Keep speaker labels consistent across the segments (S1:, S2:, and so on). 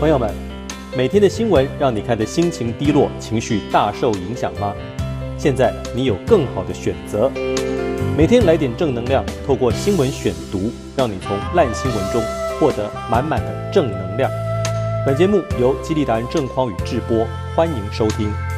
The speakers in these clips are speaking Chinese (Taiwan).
S1: 朋友們，每天的新聞讓你看得心情低落、情緒大受影響嗎？現在你有更好的選擇，每天來點正能量，透過新聞選讀，讓你從爛新聞中獲得滿滿的正能量。本節目由激勵達人鄭匡宇製播，歡迎收聽。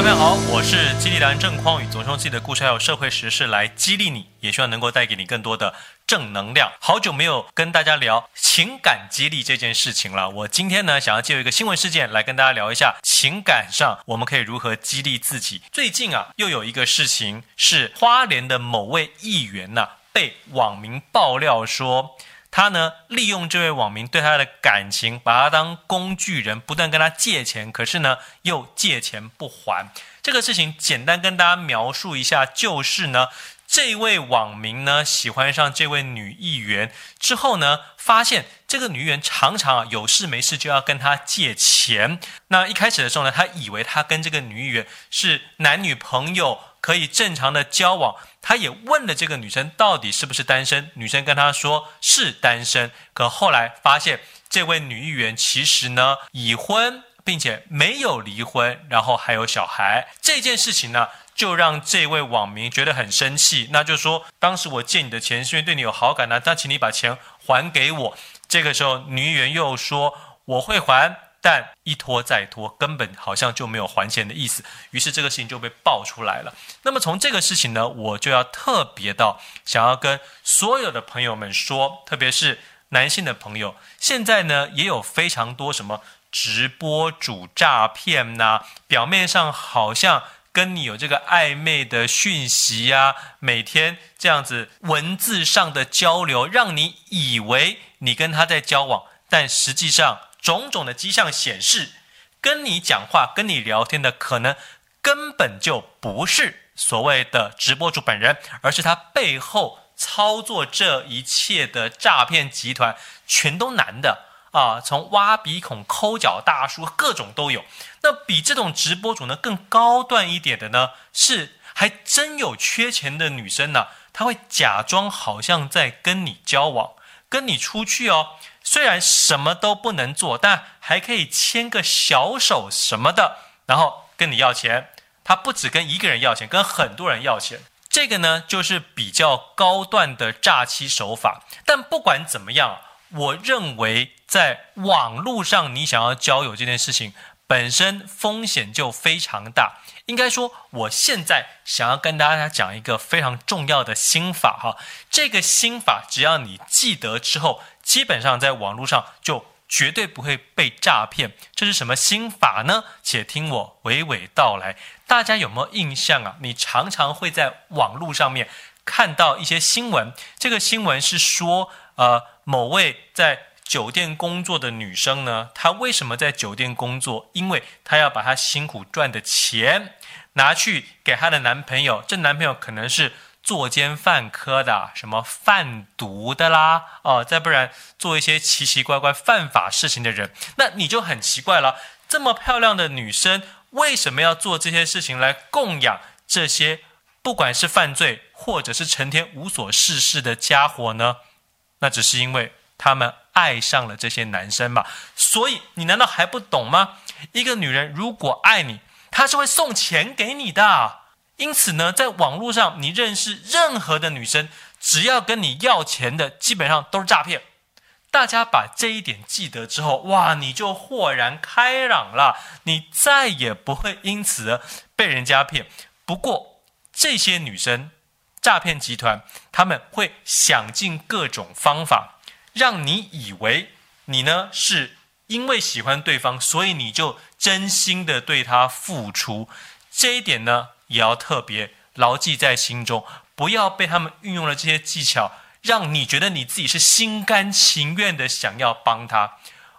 S1: 大家好，我是激勵達人鄭匡宇，總是用自己的故事還有社會時事來激勵你，也希望能夠帶給你更多的正能量。好久沒有跟大家聊情感激勵這件事情了，我今天呢，想要借由一個新聞事件來跟大家聊一下，情感上我們可以如何激勵自己。最近啊，又有一個事情是花蓮的某位議員呢、啊，被網民爆料說。他呢，利用這位網民對他的感情，把他當工具人，不斷跟他借錢，可是呢，又借錢不還。這個事情簡單跟大家描述一下，就是呢，這位網民呢喜歡上這位女議員，之後呢，發現這個女議員常常啊有事沒事就要跟他借錢。那一開始的時候呢，他以為他跟這個女議員是男女朋友。可以正常的交往，他也問了這個女生到底是不是單身，女生跟他說是單身，可後來發現這位女議員其實呢已婚，並且沒有離婚，然後還有小孩，這件事情呢就讓這位網民覺得很生氣。那就說，當時我借你的錢是因為對你有好感呢、啊，但請你把錢還給我。這個時候，女議員又說我會還。但一拖再拖，根本好像就沒有還錢的意思，於是這個事情就被爆出來了。那麼從這個事情呢，我就要特別到想要跟所有的朋友們說，特別是男性的朋友，現在呢也有非常多什麼直播主詐騙吶，表面上好像跟你有這個曖昧的訊息啊，每天這樣子文字上的交流，讓你以為你跟他在交往，但實際上。種種的跡象顯示，跟你講話、跟你聊天的可能根本就不是所謂的直播主本人，而是他背後操作這一切的詐騙集團，全都男的啊、呃！從挖鼻孔、摳腳大叔，各種都有。那比這種直播主呢更高端一點的呢，是還真有缺錢的女生呢，她會假裝好像在跟你交往，跟你出去哦。雖然什麼都不能做，但還可以牽個小手什麼的，然後跟你要錢。他不只跟一個人要錢，跟很多人要錢。這個呢，就是比較高段的詐欺手法。但不管怎麼樣，我認為在網絡上你想要交友這件事情本身風險就非常大。應該說，我現在想要跟大家講一個非常重要的心法哈。這個心法，只要你記得之後。基本上在網絡上就絕對不會被詐騙，這是什麼心法呢？且聽我娓娓道來。大家有沒有印象啊？你常常會在網絡上面看到一些新聞，這個新聞是說，呃，某位在酒店工作的女生呢，她為什麼在酒店工作？因為她要把她辛苦賺的錢拿去給她的男朋友，這男朋友可能是。作奸犯科的什麼販毒的啦，哦，再不然做一些奇奇怪怪犯法事情的人，那你就很奇怪了。這麼漂亮的女生，為什麼要做這些事情來供養這些不管是犯罪或者是成天無所事事的傢伙呢？那只是因為他們愛上了這些男生嘛。所以你難道還不懂嗎？一個女人如果愛你，她是會送錢給你的。因此呢，在網絡上你認識任何的女生，只要跟你要錢的，基本上都是詐騙。大家把這一點記得之後，哇，你就豁然開朗了，你再也不會因此被人家騙。不過，這些女生詐騙集團，他們會想盡各種方法，讓你以為你呢是因為喜歡對方，所以你就真心的對他付出。這一點呢。也要特別牢記在心中，不要被他們運用了這些技巧，讓你覺得你自己是心甘情願的想要幫他。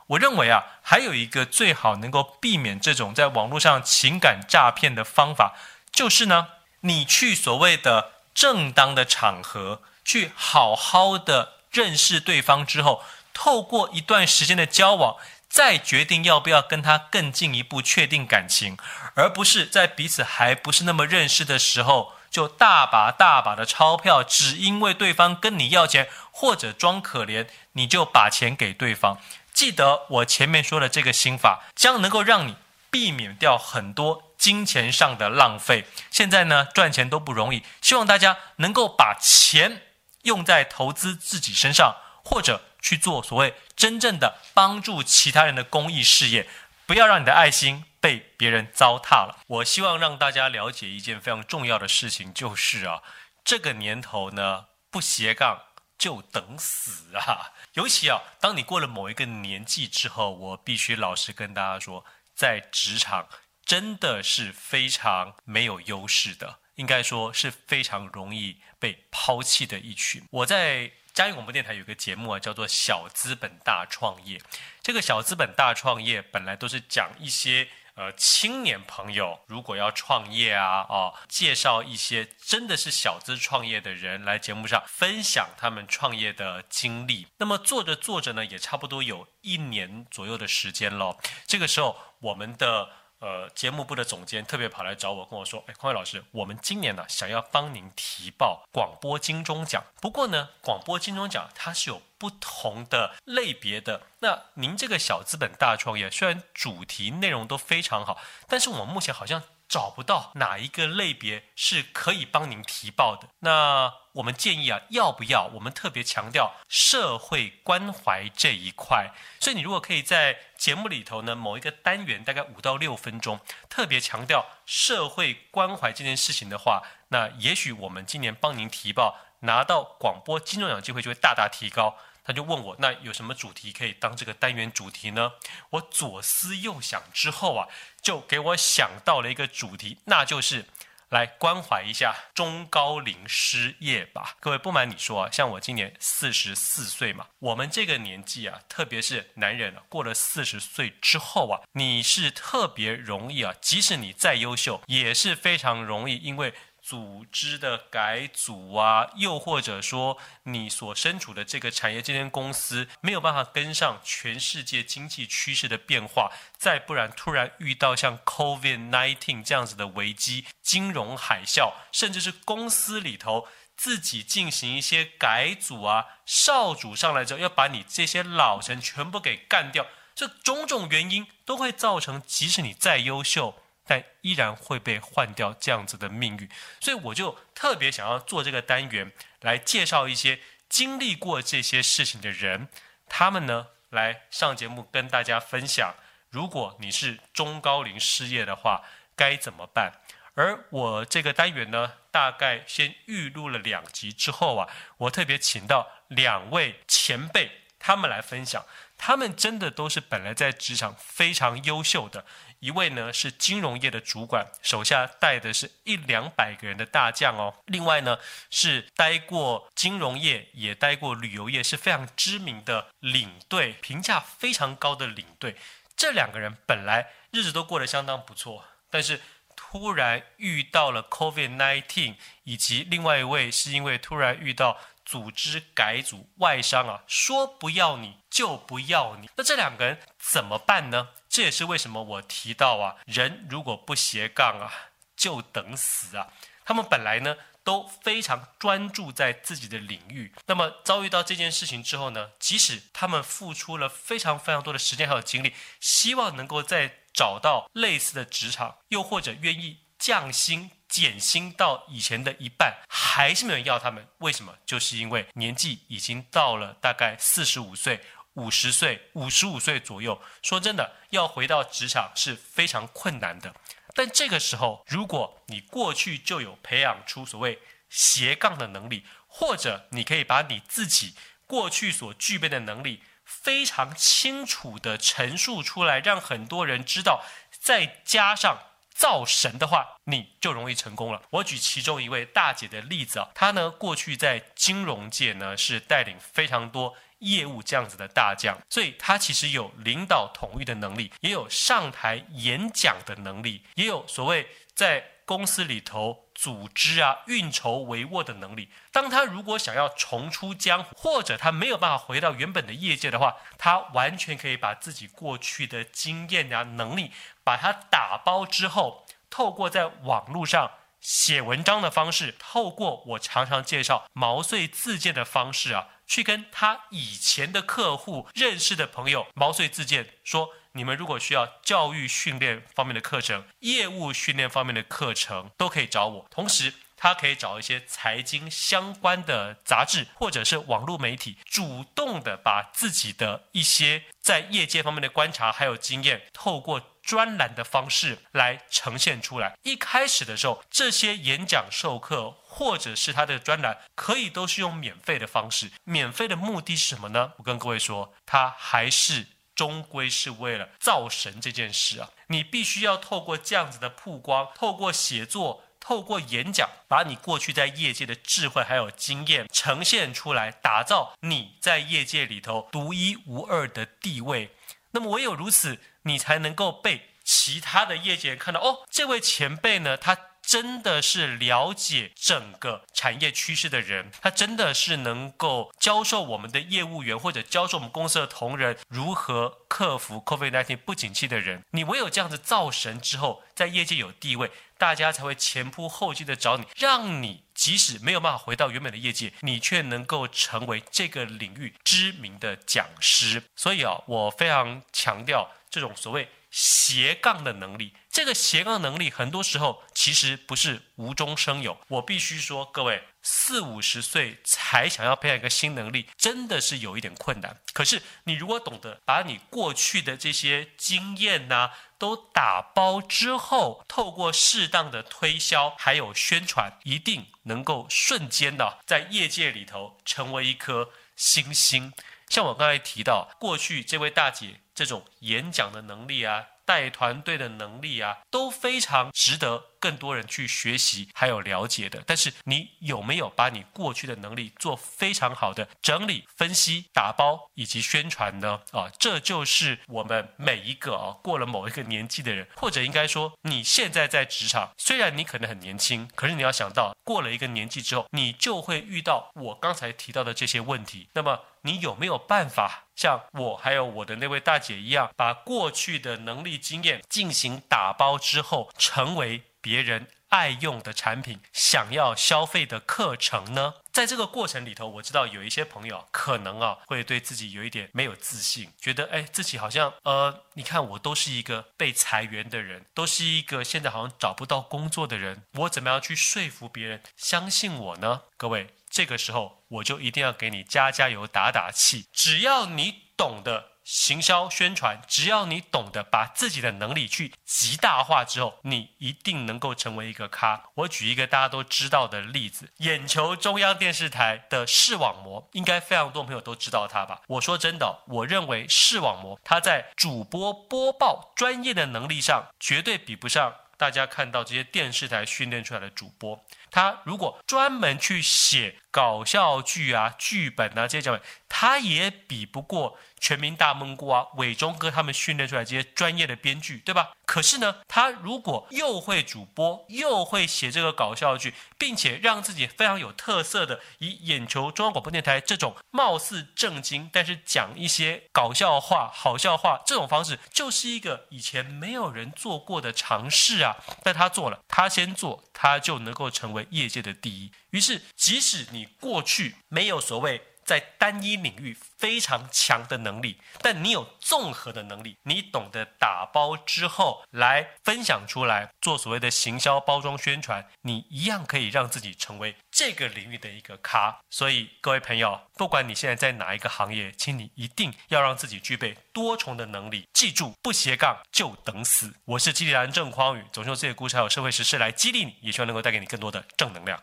S1: 我認為啊，還有一個最好能夠避免這種在網絡上情感詐騙的方法，就是呢，你去所謂的正當的場合，去好好的認識對方之後，透過一段時間的交往，再決定要不要跟他更進一步確定感情，而不是在彼此還不是那麼認識的時候就大把大把的鈔票，只因為對方跟你要錢或者裝可憐，你就把錢給對方。記得我前面說的這個心法，將能夠讓你避免掉很多金錢上的浪費。現在呢，賺錢都不容易，希望大家能夠把錢用在投資自己身上，或者。去做所謂真正的幫助其他人的公益事業，不要讓你的愛心被別人糟蹋了。我希望讓大家了解一件非常重要的事情，就是啊，這個年頭呢，不斜槓就等死啊！尤其啊，當你過了某一個年紀之後，我必須老實跟大家說，在職場真的是非常沒有優勢的，應該說是非常容易被拋棄的一群。我在嘉應廣播電台有個節目啊，叫做《小資本大創業》。這個小資本大創業本來都是講一些呃青年朋友如果要創業啊，哦，介紹一些真的是小資創業的人來節目上分享他們創業的經歷。那麼做着做着呢，也差不多有一年左右的時間咯。這個時候，我們的。呃，節目部的總監特別跑來找我，跟我說：“哎，匡威老師，我們今年呢，啊，想要幫您提報廣播金鐘獎。不過呢，廣播金鐘獎它是有不同的類別的。那您這個小資本大創業，雖然主題內容都非常好，但是我們目前好像……”找不到哪一個類別是可以幫您提報的，那我們建議啊，要不要我們特別強調社會關懷這一塊？所以你如果可以在節目裡頭呢，某一個單元大概五到六分鐘，特別強調社會關懷這件事情的話，那也許我們今年幫您提報，拿到廣播金鐘獎的機會就會大大提高。他就問我，那有什麼主題可以當這個單元主題呢？我左思右想之後啊，就給我想到了一個主題，那就是來關懷一下中高齡失業吧。各位，不瞞你說啊，像我今年四十四歲嘛，我們這個年紀啊，特別是男人啊，過了四十歲之後啊，你是特別容易啊，即使你再優秀，也是非常容易，因為。組織的改組啊，又或者說你所身處的這個產業、這間公司沒有辦法跟上全世界經濟趨勢的變化，再不然突然遇到像 COVID-19 這樣子的危機、金融海嘯，甚至是公司裡頭自己進行一些改組啊、少主上來之後要把你這些老臣全部給幹掉，這種種原因都會造成，即使你再優秀。但依然會被換掉，這樣子的命運。所以我就特別想要做這個單元，來介紹一些經歷過這些事情的人，他們呢來上節目跟大家分享，如果你是中高齡失業的話該怎麼辦？而我這個單元呢，大概先預錄了兩集之後啊，我特別請到兩位前輩。他們來分享，他們真的都是本來在職場非常優秀的。一位呢是金融業的主管，手下帶的是一兩百個人的大將哦。另外呢是待過金融業，也待過旅遊業，是非常知名的領隊，評價非常高的領隊。這兩個人本來日子都過得相當不錯，但是突然遇到了 COVID-19，以及另外一位是因為突然遇到。組織改組，外商啊，說不要你就不要你，那這兩個人怎麼辦呢？這也是為什麼我提到啊，人如果不斜槓啊，就等死啊。他們本來呢都非常專注在自己的領域，那麼遭遇到這件事情之後呢，即使他們付出了非常非常多的時間還有精力，希望能夠再找到類似的職場，又或者願意降薪。減薪到以前的一半，還是沒有要他們。為什麼？就是因為年紀已經到了大概四十五歲、五十歲、五十五歲左右。說真的，要回到職場是非常困難的。但這個時候，如果你過去就有培養出所謂“斜槓”的能力，或者你可以把你自己過去所具備的能力非常清楚地陳述出來，讓很多人知道，再加上。造神的話，你就容易成功了。我舉其中一位大姐的例子啊，她呢，過去在金融界呢是帶領非常多業務這樣子的大將，所以她其實有領導統御的能力，也有上台演講的能力，也有所謂在公司裡頭。組織啊，運籌帷幄的能力。當他如果想要重出江湖，或者他沒有辦法回到原本的業界的話，他完全可以把自己過去的經驗啊、能力，把它打包之後，透過在網絡上寫文章的方式，透過我常常介紹毛遂自薦的方式啊，去跟他以前的客戶、認識的朋友毛遂自薦說。你們如果需要教育訓練方面的課程、業務訓練方面的課程，都可以找我。同時，他可以找一些財經相關的雜誌，或者是網絡媒體，主動的把自己的一些在業界方面的觀察還有經驗，透過專欄的方式來呈現出來。一開始的時候，這些演講授課或者是他的專欄，可以都是用免費的方式。免費的目的是什麼呢？我跟各位說，他還是。終歸是為了造神這件事啊，你必須要透過這樣子的曝光，透過寫作，透過演講，把你過去在業界的智慧還有經驗呈現出來，打造你在業界裡頭獨一無二的地位。那麼唯有如此，你才能夠被其他的業界看到哦，這位前輩呢，他。真的是了解整個產業趨勢的人，他真的是能夠教授我們的業務員，或者教授我們公司的同仁，如何克服 COVID-19 不景氣的人。你唯有這樣子造神之後，在業界有地位，大家才會前仆後繼的找你，讓你即使沒有辦法回到原本的業界，你卻能夠成為這個領域知名的講師。所以啊，我非常強調這種所謂斜槓的能力。這個斜槓能力，很多時候其實不是無中生有。我必須說，各位四五十歲才想要培養一個新能力，真的是有一點困難。可是你如果懂得把你過去的這些經驗啊，都打包之後，透過適當的推銷還有宣傳，一定能夠瞬間的在業界裡頭成為一顆新星。像我剛才提到，過去這位大姐這種演講的能力啊。帶團隊的能力啊，都非常值得更多人去學習還有了解的。但是你有沒有把你過去的能力做非常好的整理、分析、打包以及宣傳呢？啊，這就是我們每一個啊，過了某一個年紀的人，或者應該說你現在在職場，雖然你可能很年輕，可是你要想到過了一個年紀之後，你就會遇到我剛才提到的這些問題。那麼。你有沒有辦法像我還有我的那位大姐一樣，把過去的能力經驗進行打包之後，成為別人愛用的產品，想要消費的課程呢？在這個過程裡頭，我知道有一些朋友可能啊，會對自己有一點沒有自信，覺得誒，自己好像呃，你看我都是一個被裁員的人，都是一個現在好像找不到工作的人，我怎麼樣去說服別人相信我呢？各位，這個時候我就一定要給你加加油、打打氣，只要你懂得。行銷宣傳，只要你懂得把自己的能力去極大化之後，你一定能夠成為一個咖。我舉一個大家都知道的例子，眼球中央電視台的視網膜，應該非常多朋友都知道它吧？我說真的，我認為視網膜它在主播播報專業的能力上，絕對比不上大家看到這些電視台訓練出來的主播。他如果專門去寫搞笑劇啊、劇本啊這些方他也比不過全民大悶鍋、啊、偉忠哥他們訓練出來這些專業的編劇，對吧？可是呢，他如果又會主播，又會寫這個搞笑劇，並且讓自己非常有特色的，以眼球中央廣播電台這種貌似正經，但是講一些搞笑話、好笑話這種方式，就是一個以前沒有人做過的嘗試啊！但他做了，他先做，他就能夠成為業界的第一。於是，即使你過去沒有所謂。在單一領域非常強的能力，但你有綜合的能力，你懂得打包之後來分享出來，做所謂的行銷、包裝、宣傳，你一樣可以讓自己成為這個領域的一個咖。所以各位朋友，不管你現在在哪一個行業，請你一定要讓自己具備多重的能力。記住，不斜槓就等死。我是激勵人鄭匡宇，總是用自己的故事還有社會時事來激勵你，也希望能夠帶給你更多的正能量。